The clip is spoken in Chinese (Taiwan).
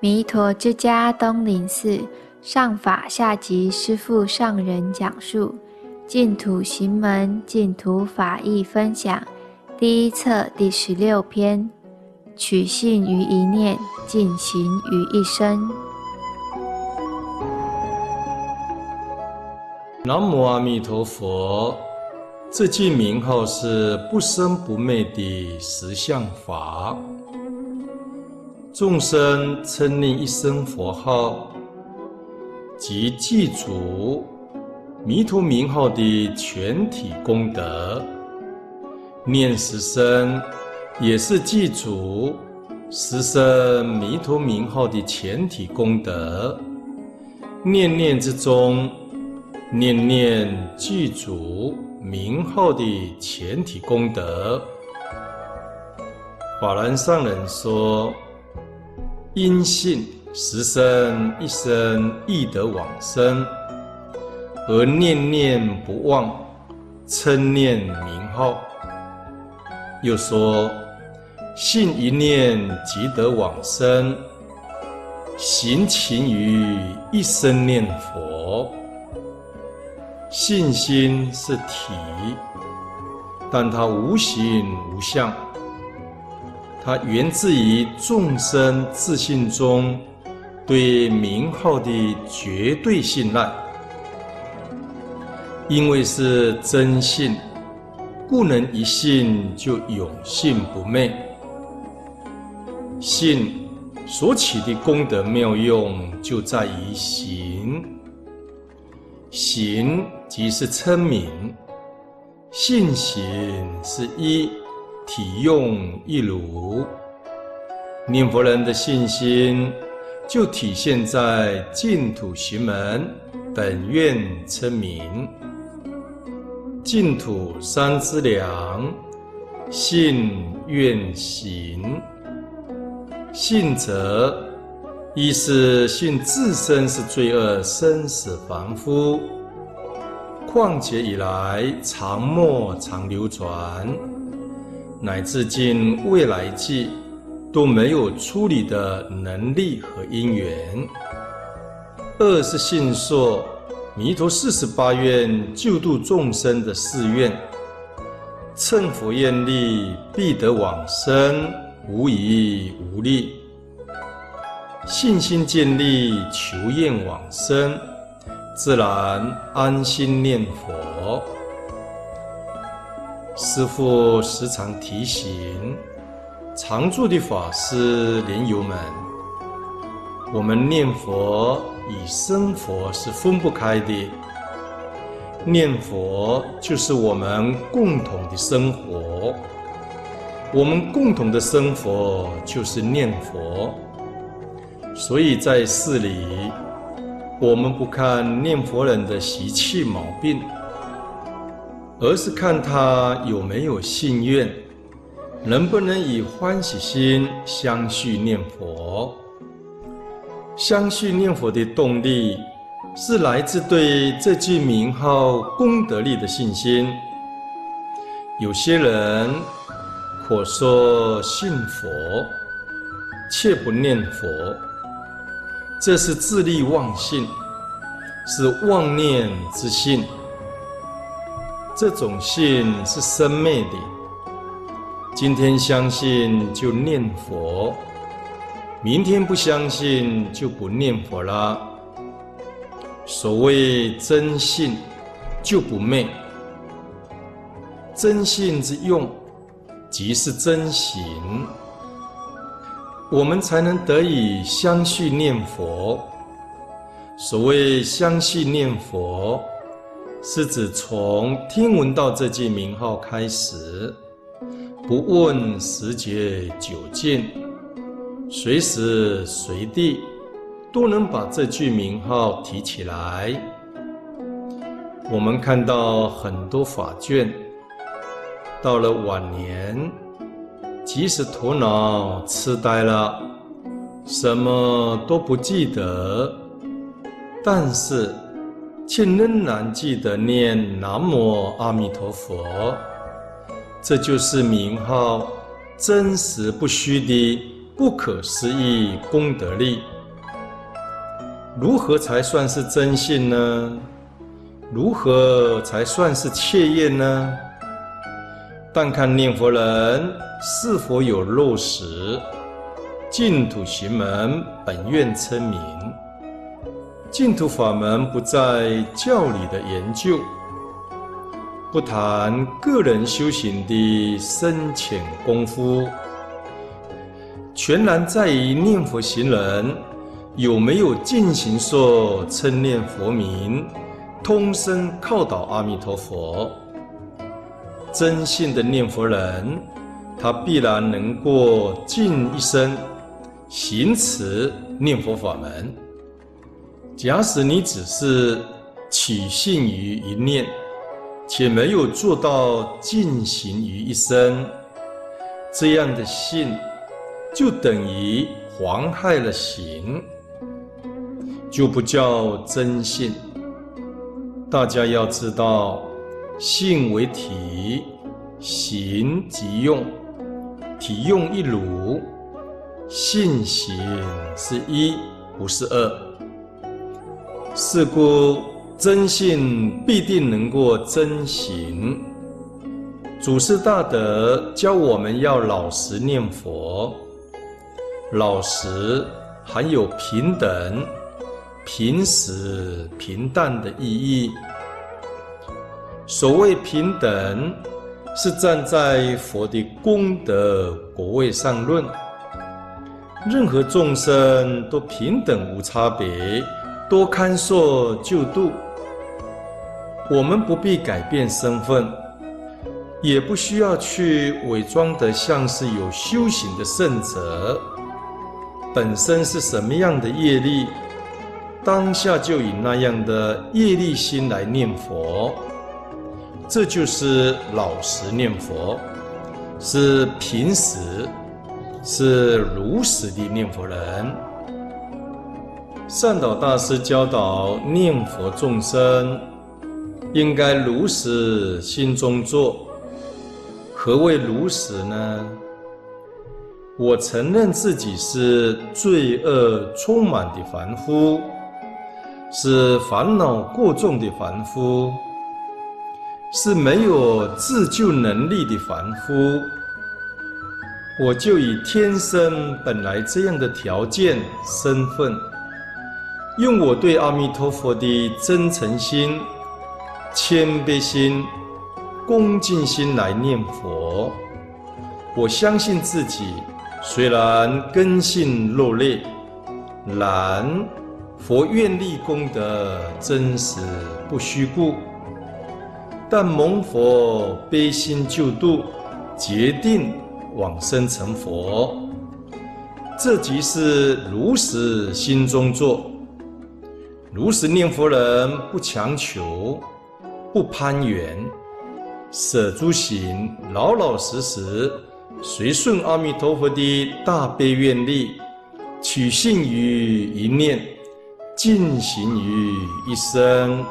彌陀之家東林寺上法下寂師父上人講述淨土行門，淨土法義分享第一冊，第十六篇，取信於一念，盡行於一生。南無阿彌陀佛，這句名號是不生不滅的實相法。眾生稱念一聲佛號，即具足彌陀名號的全體功德；念十聲，也是具足十聲彌陀名號的全體功德。念念之中，念念具足名號的全體功德。法然上人說，因信十聲一聲亦得往生，而念念不忘，稱念名號。又說，信一念即得往生，行盡於一生念佛。信心是體，但它無形無相。它源自於眾生自信中對名號的絕對信賴，因為是真信，故能一信就永信不昧。信所起的功德妙用，就在於行。行即是稱名，信行是一。體用一如，念佛人的信心就體現在淨土行門本願稱名，淨土三資糧，信願行。信者，一是信自身是罪惡生死凡夫，況且以來常沒常流轉。乃至今未來際都沒有處理的能力和因緣。二是信受彌陀四十八願救度眾生的誓願，稱佛願力必得往生，無疑無慮。信心建立，求願往生，自然安心念佛。師父時常提醒常住的法師蓮友們，我們念佛與生活是分不開的，念佛就是我們共同的生活，我們共同的生活就是念佛。所以在寺裡，我們不看念佛人的習氣毛病。而是看他有沒有信願，能不能以歡喜心相續念佛。相續念佛的動力是來自對這句名號功德力的信心。有些人可說信佛，卻不念佛，這是自力妄信，是妄念之信。這種信是生滅的。今天相信就念佛，明天不相信就不念佛了。所謂真信，就不昧。真信之用，即是真行。我們才能得以相續念佛。所謂相續念佛。是指從聽聞到這句名號開始，不問時節久近，隨時隨地都能把這句名號提起來。我們看到很多法卷，到了晚年，即使頭腦癡呆了，什麼都不記得，但是，卻仍然記得念南無阿彌陀佛，這就是名號真實不虛的不可思議功德力。如何才算是真信呢？如何才算是切願呢？但看念佛人是否有落實，淨土行門本願稱名。淨土法門不在教理的研究，不談個人修行的深淺功夫，全然在於念佛行人有沒有進行說稱念佛名，通身靠倒阿彌陀佛。真信的念佛人，他必然能夠盡一生行持念佛法門。假使你只是取信於一念，且沒有做到盡行於一生，這樣的信就等於妨害了行，就不叫真信。大家要知道，信為體，行即用，體用一如，信行是一，不是二。是故，真信必定能夠真行。祖師大德教我們要老實念佛，老實含有平等、平時、平淡的意義。所謂平等，是站在佛的功德果位上論，任何眾生都平等無差別。多堪恕就度，我們不必改變身份，也不需要去偽裝得像是有修行的聖者，本身是什麼樣的業力，當下就以那樣的業力心來念佛，這就是老實念佛，是平時，是如實的念佛人。善導大師教導念佛眾生，應該如實心中做，何謂如實呢？我承認自己是罪惡充滿的凡夫，是煩惱過重的凡夫，是沒有自救能力的凡夫。我就以天生本來這樣的條件、身份。用我對阿彌陀佛的真誠心、謙卑心、恭敬心來念佛。我相信自己，雖然根性弱劣，然佛願力功德真實不虛故。但蒙佛悲心救度，決定往生成佛。這即是如實心中作。如實念佛人，不強求，不攀緣，捨諸行，老老實實，隨順阿彌陀佛的大悲願力，取信於一念，盡行於一生。